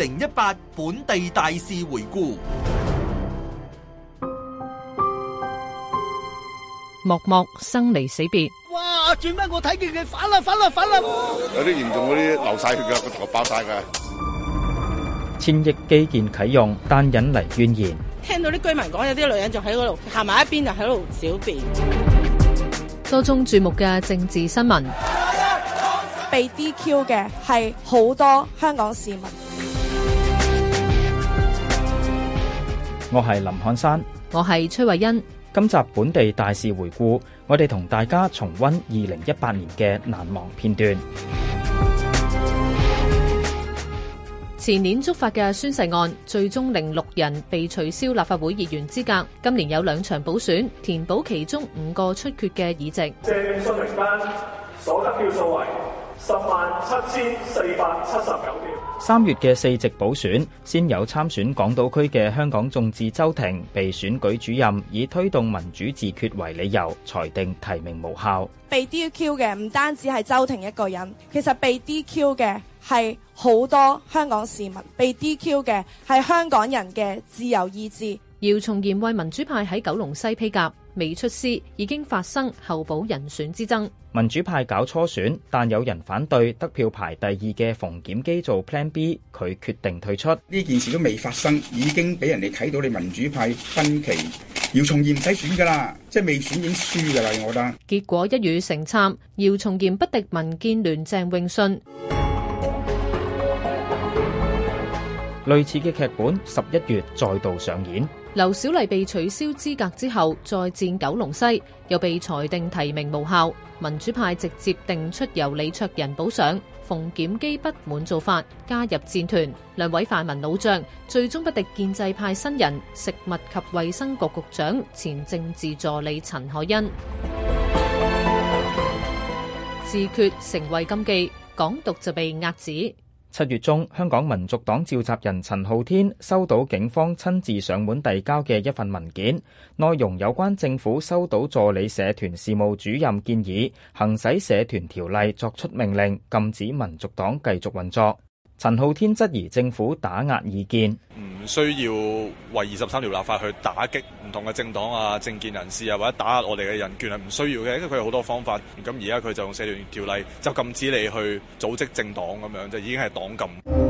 零一八本地大事回顧，幕幕生離死別。哇！最尾我睇見佢反啦反啦反啦！有啲嚴重嗰啲流晒血嘅，個頭爆晒嘅。千億基建啟用，但引嚟怨言。聽到啲居民講，有啲女人就喺嗰度行埋一邊就在那裏，就喺度小便。多宗注目嘅政治新聞，被 DQ 嘅係好多香港市民。我係林漢山，我係崔蔚恩。今集本地大事回顧，我哋同大家重温二零一八年嘅難忘片段。前年觸發嘅宣誓案，最終令六人被取消立法會議員資格。今年有兩場補選，填補其中五個出缺嘅議席。鄭泳舜名單所得票數為十萬七千四百七十九票。三月嘅四席補選，先有參選港島區嘅香港眾志周庭被選舉主任以推動民主自決為理由裁定提名無效。被 DQ 嘅唔單止係周庭一個人，其實被 DQ 嘅係好多香港市民，被 DQ 嘅係香港人嘅自由意志。姚松炎為民主派喺九龍西披甲。未出師已經發生候補人選之爭，民主派搞初選，但有人反對得票排第二嘅馮檢基做 Plan B，佢決定退出。呢件事都未發生，已經俾人哋睇到你民主派分歧。姚松炎唔使選噶啦，即係未選已經輸噶啦，我覺得。結果一語成讖，姚松炎不敵民建聯鄭泳舜 。類似嘅劇本十一月再度上演。劉小麗被取消資格之後，再戰九龍西，又被裁定提名無效。民主派直接定出由李卓人補上，馮檢基不滿做法，加入戰團。兩位泛民老將最終不敵建制派新人，食物及衛生局局長前政治助理陳凱欣。自決成為禁忌，港獨就被遏止。七月中，香港民族黨召集人陳浩天收到警方親自上門遞交嘅一份文件，內容有關政府收到助理社團事務主任建議，行使社團條例作出命令，禁止民族黨繼續運作。陳浩天質疑政府打壓意見，唔需要為二十三條立法去打擊唔同嘅政黨啊、政見人士啊，或者打壓我哋嘅人權係唔需要嘅，因為佢有好多方法。咁而家佢就用社團條例就禁止你去組織政黨咁樣，就已經係黨禁。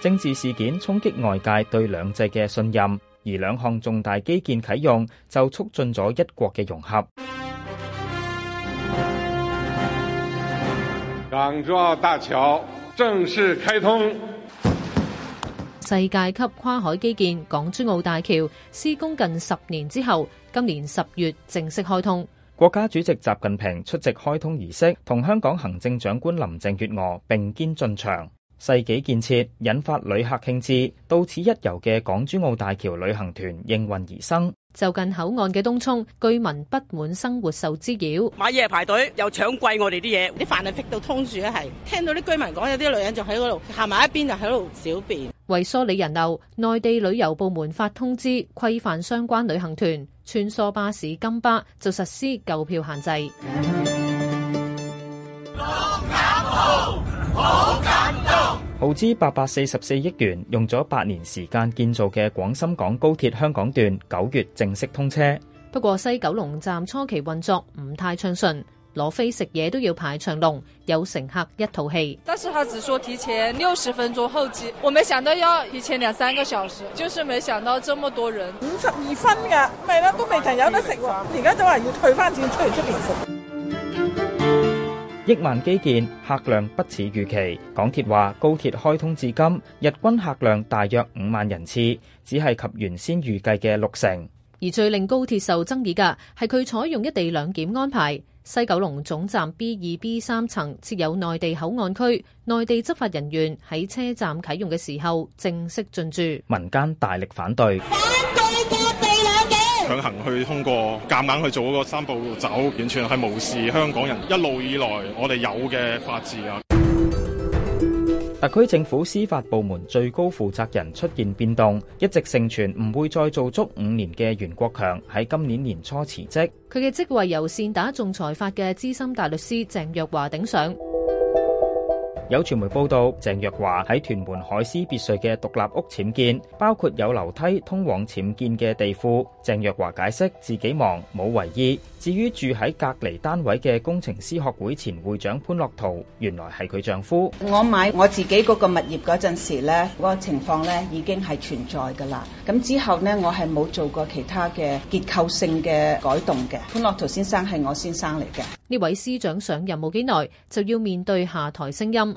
政治事件衝擊外界對兩制嘅信任，而兩項重大基建啟用就促進咗一國嘅融合。港珠澳大橋正式開通，世界級跨海基建港珠澳大橋施工近十年之後，今年十月正式開通。國家主席習近平出席開通儀式，同香港行政長官林鄭月娥並肩進場。世紀建設引發旅客興致，到此一遊嘅港珠澳大橋旅行團應運而生。就近口岸嘅東涌居民不滿生活受滋擾，買嘢排隊又搶貴我哋啲嘢，啲飯係逼到通住一係。聽到啲居民講，有啲女人就喺嗰度行埋一邊就喺度小便。為疏理人流，內地旅遊部門發通知規範相關旅行團、穿梭巴士、金巴，就實施購票限制。投資八百四十四億元，用咗八年時間建造嘅廣深港高鐵香港段九月正式通車。不過西九龍站初期運作唔太暢順，攞飛食嘢都要排長龍，有乘客一肚氣。但是他只說提前六十分鐘候機，我沒想到要提前兩三個小時，就是沒想到這麼多人。五十二分噶，咩啦都未曾有得食喎，啊，而家都話要退翻錢，出嚟出面食。億萬基建，客量不似預期，港鐵話高鐵開通至今日均客量大約五萬人次，只係及原先預計嘅六成。而最令高鐵受爭議嘅係佢採用一地兩檢安排，西九龍總站 B 二 B 三層設有內地口岸區，內地執法人員喺車站啟用嘅時候正式進駐，民間大力反對。強行去通過，夾硬，硬去做嗰個三步走，完全係無視香港人一路以來我哋有嘅法治啊！特區政府司法部門最高負責人出現變動，一直盛傳唔會再做足五年嘅袁國強喺今年年初辭職，佢嘅職位由善打仲裁法嘅資深大律師鄭若驊頂上。有傳媒報道，鄭若驊喺屯門海詩別墅嘅獨立屋僭建，包括有樓梯通往僭建嘅地庫。鄭若驊解釋自己忙冇為意。至於住喺隔離單位嘅工程師學會前會長潘樂陶，原來係佢丈夫。我買我自己嗰個物業嗰陣時呢，嗰、嗰個情況呢已經係存在噶啦。咁之後呢，我係冇做過其他嘅結構性嘅改動嘅。潘樂陶先生係我先生嚟嘅。呢位司長上任冇幾耐，就要面對下台聲音。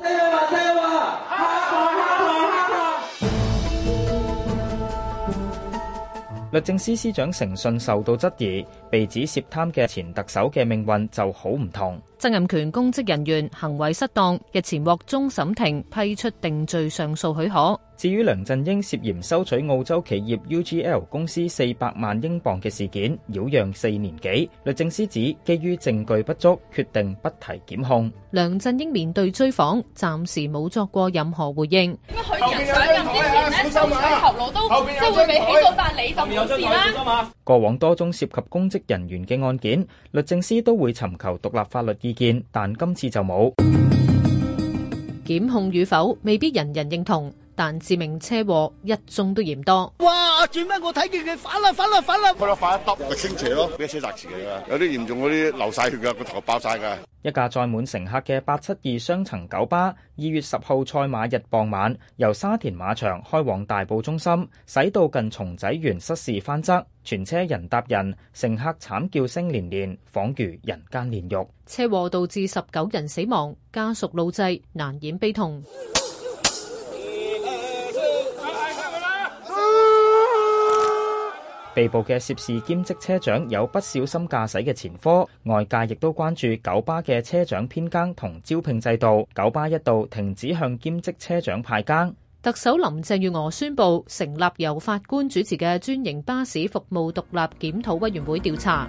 律政司司長誠信受到質疑，被指涉貪嘅前特首嘅命運就好唔同。曾蔭權公職人員行為失當，日前獲終審庭批出定罪上訴許可。至於梁振英涉嫌收取澳洲企業 UGL 公司四百萬英鎊嘅事件，擾攘四年幾，律政司指基於證據不足，決定不提檢控。梁振英面對追訪，暫時冇作過任何回應。點解許人想任呢邊咧？頭頭腦都即係會唔會起訴法理？過往多宗涉及公職人員嘅案件，律政司都會尋求獨立法律意。見，但今次就冇，檢控與否，未必人人認同。但致命車禍一宗都嫌多。哇！做咩？我睇見佢翻啦翻啦翻啦，咪咯，翻一粒咪傾斜咯，俾車砸住噶。有啲嚴重嗰啲流晒血噶，個頭爆晒噶。一架載滿乘客嘅八七二雙層九巴，二月十號賽馬日傍晚由沙田馬場開往大埔中心，駛到近松仔園失事翻側，全車人搭人，乘客慘叫聲連連，恍如人間煉獄。車禍導致十九人死亡，家屬路祭難掩悲痛。被捕嘅涉事兼職車長有不小心駕駛嘅前科，外界亦都關注九巴嘅車長編更同招聘制度。九巴一度停止向兼職車長派更。特首林鄭月娥宣布成立由法官主持嘅專營巴士服務獨立檢討委員會調查。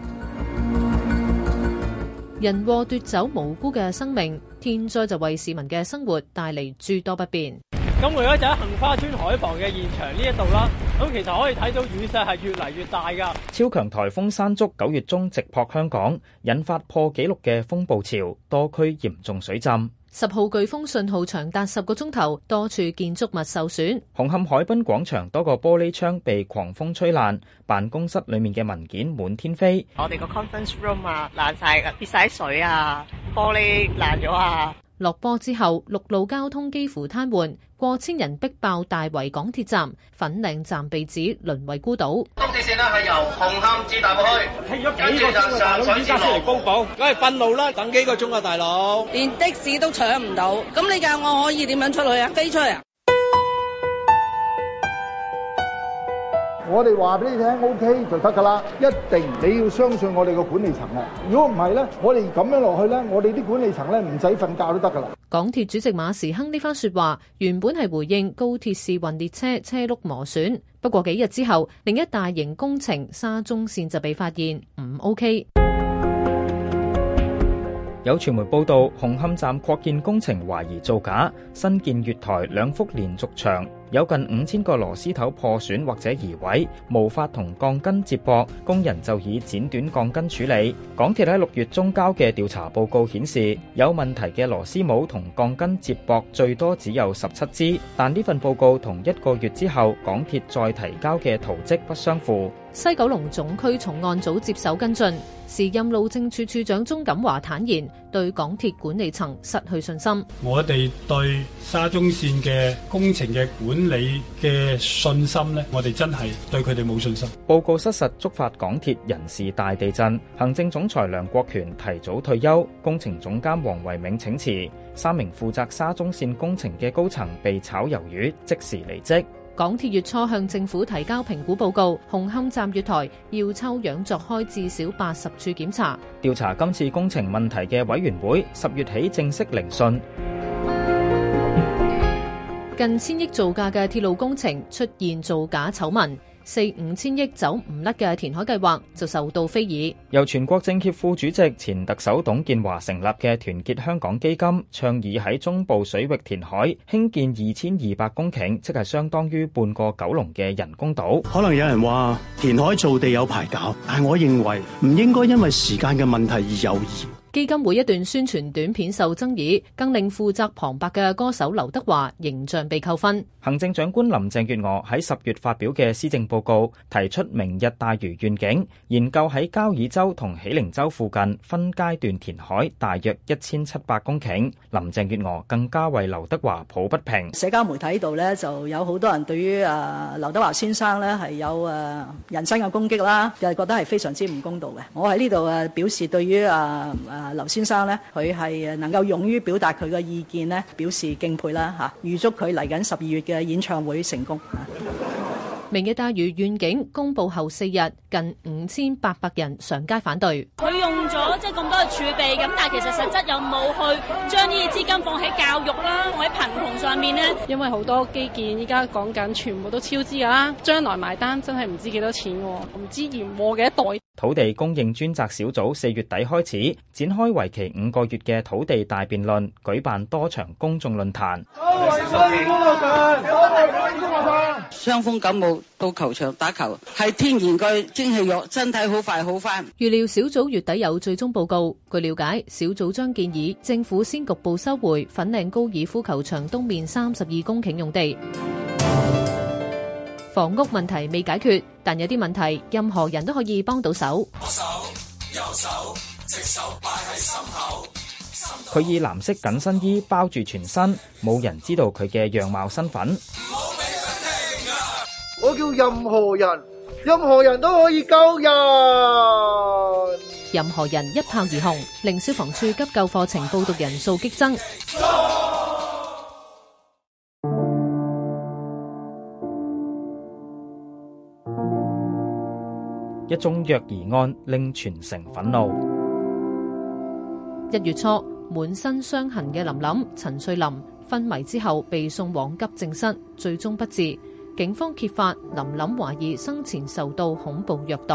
人禍奪走無辜嘅生命，天災就為市民嘅生活帶嚟諸多不便。咁，我而家就喺杏花村海防嘅現場呢一度啦。咁其實可以睇到雨勢係越嚟越大㗎。超強颱風山竹九月中直撲香港，引發破紀錄嘅風暴潮，多區嚴重水浸。十號颶風信號長達十個鐘頭，多處建築物受損。紅磡海濱廣場多個玻璃窗被狂風吹爛，辦公室裡面嘅文件滿天飛。我哋個 conference room 啊，爛曬嘅，跌曬水啊，玻璃爛咗啊。落波之後，陸路交通幾乎癱瘓。過千人逼爆大圍港鐵站，粉嶺站被指淪為孤島。東鐵綫啊，係由紅磡至大埔，幾多站？ 上車先，上車先。我係憤怒啦，等幾個鐘啊，大佬。連的士都搶唔到，咁你教我可以點樣出去啊？飛出嚟？我哋話俾你聽，OK 就得噶啦，一定你要相信我哋個管理層啦。如果唔係呢，我哋咁樣落去呢，我哋啲管理層呢唔使瞓覺都得噶啦。港鐵主席馬時亨呢番說話原本係回應高鐵試運列車車轆磨損，不過幾日之後，另一大型工程沙中線就被發現唔 OK。有傳媒報道，紅磡站擴建工程懷疑造假，新建月台兩幅連續牆。有近五千個螺絲頭破損或者移位，無法同鋼筋接駁，工人就以剪短鋼筋處理。港鐵喺六月中交嘅調查報告顯示，有問題嘅螺絲帽同鋼筋接駁最多只有十七支，但呢份報告同一個月之後港鐵再提交嘅圖跡不相符。西九龍總區重案組接手跟進，時任路政署署長鍾錦華坦言，對港鐵管理層失去信心。我哋對沙中綫嘅工程嘅管你嘅信心呢？我哋真係對佢哋冇信心。報告失實，觸發港鐵人事大地震，行政總裁梁國權提早退休，工程總監黃唯銘請辭，三名負責沙中線工程嘅高層被炒魷魚，即時離職。港鐵月初向政府提交評估報告，紅磡站月台要抽樣作開至少八十處檢查。調查今次工程問題嘅委員會十月起正式聆訊。近千億造價嘅鐵路工程出現造假醜聞，四五千億走唔甩嘅填海計劃就受到非議。由全國政協副主席、前特首董建華成立嘅團結香港基金，倡議喺中部水域填海，興建二千二百公頃，即係相當於半個九龍嘅人工島。可能有人話填海造地有排搞，但係我認為唔應該因為時間嘅問題而猶豫。基金會一段宣傳短片受爭議，更令負責旁白嘅歌手劉德華形象被扣分。行政長官林鄭月娥喺十月發表嘅施政報告，提出明日大嶼願景，研究喺交椅洲同喜靈洲附近分階段填海，大約一千七百公頃。林鄭月娥更加為劉德華抱不平。社交媒體度咧就有好多人對於啊劉德華先生咧係有誒人身嘅攻擊啦，又係覺得係非常之唔公道嘅。我喺呢度誒表示對於啊。啊啊，劉先生咧，佢係能夠勇於表達佢嘅意見咧，表示敬佩啦吓，預祝佢嚟緊十二月嘅演唱會成功。啊明嘅大嶼願景公布後四日，近五千八百人上街反對。佢用咗即係咁多嘅儲備，咁但係其實實質有冇去將呢啲資金放喺教育啦，放喺貧窮上面咧？因為好多基建依家講緊，全部都超支噶啦，將來埋單真係唔知幾多錢，啊，唔知延禍嘅一代。土地供應專責小組四月底開始展開為期五個月嘅土地大辯論，舉辦多場公眾論壇。傷風感冒到球場打球，係天然個蒸氣浴，身體好快好翻。預料小組月底有最終報告。據了解，小組將建議政府先局部收回粉嶺高爾夫球場東面三十二公頃用地。房屋問題未解決，但有啲問題任何人都可以幫到手。左手、右手、隻手擺喺心口，心。佢以藍色緊身衣包住全身，冇人知道佢嘅樣貌身份。我叫任何人，任何人都可以救人。任何人一炮而紅，令消防處急救課程報讀人數激增。一宗虐兒案令全城憤怒。一月初，滿身傷痕嘅林林、陳翠琳昏迷之後被送往急症室，最終不治。警方揭發林林懷疑生前受到恐怖虐待，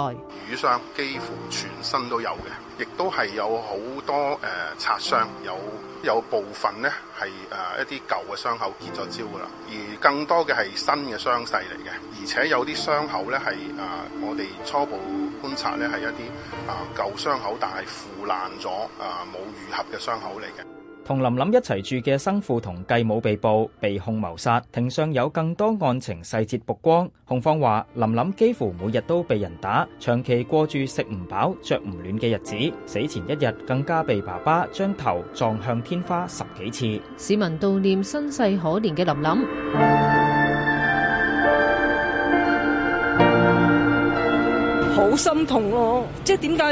瘀傷幾乎全身都有嘅，亦都係有好多誒、呃、擦傷，有有部分咧係誒一啲舊嘅傷口結咗焦噶啦，而更多嘅係新嘅傷勢嚟嘅，而且有啲傷口呢，係誒、呃、我哋初步觀察呢，係一啲啊舊傷口但係腐爛咗啊冇愈合嘅傷口嚟嘅。同琳琳一齊住嘅生父同繼母被捕，被控謀殺。庭上有更多案情細節曝光。控方話：琳琳幾乎每日都被人打，長期過住食唔飽、着唔暖嘅日子。死前一日更加被爸爸將頭撞向天花十幾次。市民悼念身世可憐嘅琳琳。好心痛咯！即係點解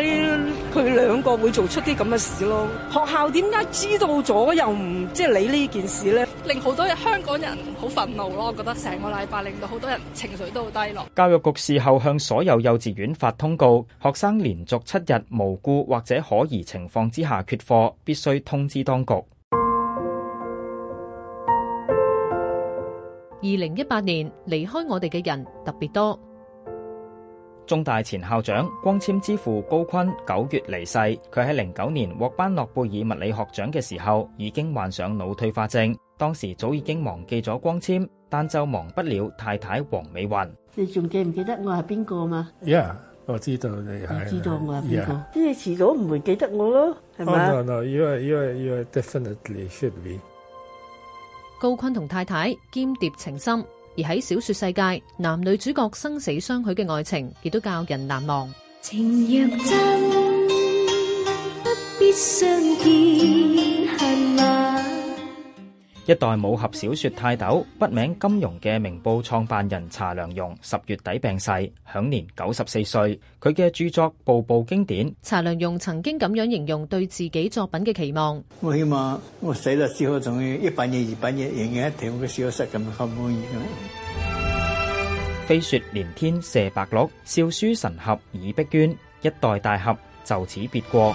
佢兩個會做出啲咁嘅事咯？學校點解知道咗又唔即係理呢件事呢？令好多香港人好憤怒咯！我覺得成個禮拜令到好多人情緒都好低落。教育局事後向所有幼稚園發通告，學生連續七日無故或者可疑情況之下缺課，必須通知當局。二零一八年離開我哋嘅人特別多。中大前校長光纖之父，高坤九月離世，佢喺零九年獲頒諾貝爾物理學獎嘅時候，已經患上腦退化症，當時早已經忘記咗光纖，但就忘不了太太黃美雲。你仲記唔記得我係邊個嘛？Yeah，我知道你，你知道我係邊個，即係遲早唔會記得我咯，係咪？No no，you are you are you are definitely should be。高坤同太太鶼鰈情深。而喺小説世界，男女主角生死相許嘅愛情，亦都教人難忘。情若真，不必相見。一代武俠小說泰斗、筆名金庸嘅明報創辦人查良鏞十月底病逝，享年九十四歲。佢嘅著作部部經典。查良鏞曾經咁樣形容對自己作品嘅期望：我希望我死咗之後，仲要一本嘢二本嘢仍然一聽嘅小說咁，可唔可以？飛雪連天射白鹿，笑書神俠倚碧鴛。一代大俠就此別過。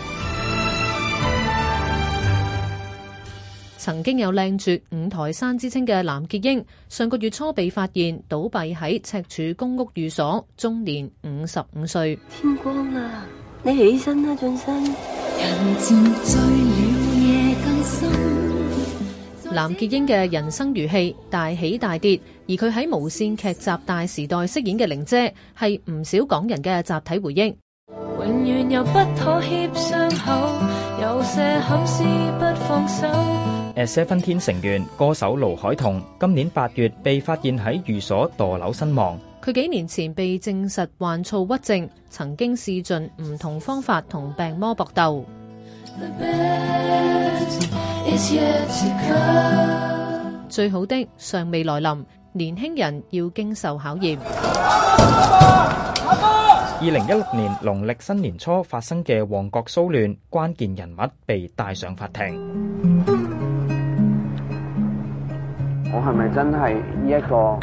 曾經有靚絕五台山之稱嘅藍潔瑛，上個月初被發現倒閉喺赤柱公屋寓所，終年五十五歲。天光啦、啊，你起身啦、啊，俊生。藍潔、嗯、瑛嘅人生如戲，大起大跌，而佢喺無綫劇集大時代飾演嘅玲姐，係唔少港人嘅集體回憶。永遠有不妥協傷口，有些憾事不放手。at17 成員歌手盧凱彤今年八月被發現喺寓所墮樓身亡。佢幾年前被證實患躁鬱症，曾經試盡唔同方法同病魔搏鬥。最好的尚未來臨，年輕人要經受考驗。二零一六年農曆新年初發生嘅旺角騷亂，關鍵人物被帶上法庭。我係咪真係呢一個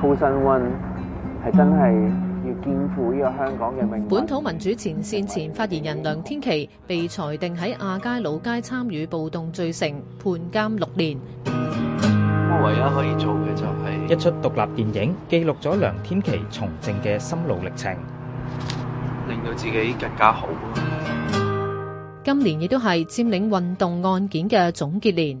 粗身溫係真係要肩負呢個香港嘅命？本土民主前線前發言人梁天琦被裁定喺亞皆老街參與暴動罪成，判監六年。我唯一可以做嘅就係一出獨立電影，記錄咗梁天琦從政嘅心路歷程，令到自己更加好。今年亦都係佔領運動案件嘅總結年。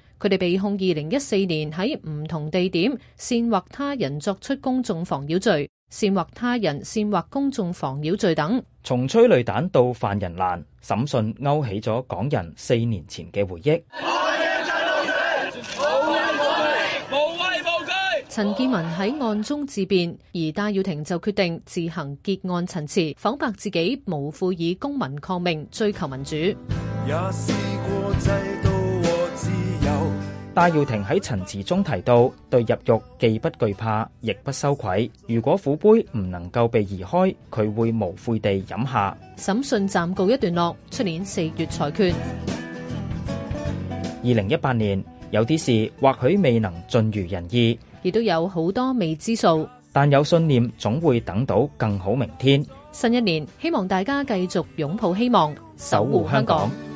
佢哋被控二零一四年喺唔同地點煽惑他人作出公眾妨擾罪、煽惑他人、煽惑公眾妨擾罪等。從催淚彈到犯人難，審訊勾起咗港人四年前嘅回憶。無畏無懼，陳健民喺案中自辯，而戴耀廷就決定自行結案陳詞，剖白自己無悔以公民抗命追求民主。戴耀廷喺陳詞中提到，對入獄既不懼怕，亦不羞愧。如果苦杯唔能夠被移開，佢會無悔地飲下。審訊暫告一段落，出年四月裁決。二零一八年有啲事或許未能盡如人意，亦都有好多未知數，但有信念，總會等到更好明天。新一年，希望大家繼續擁抱希望，守護香港。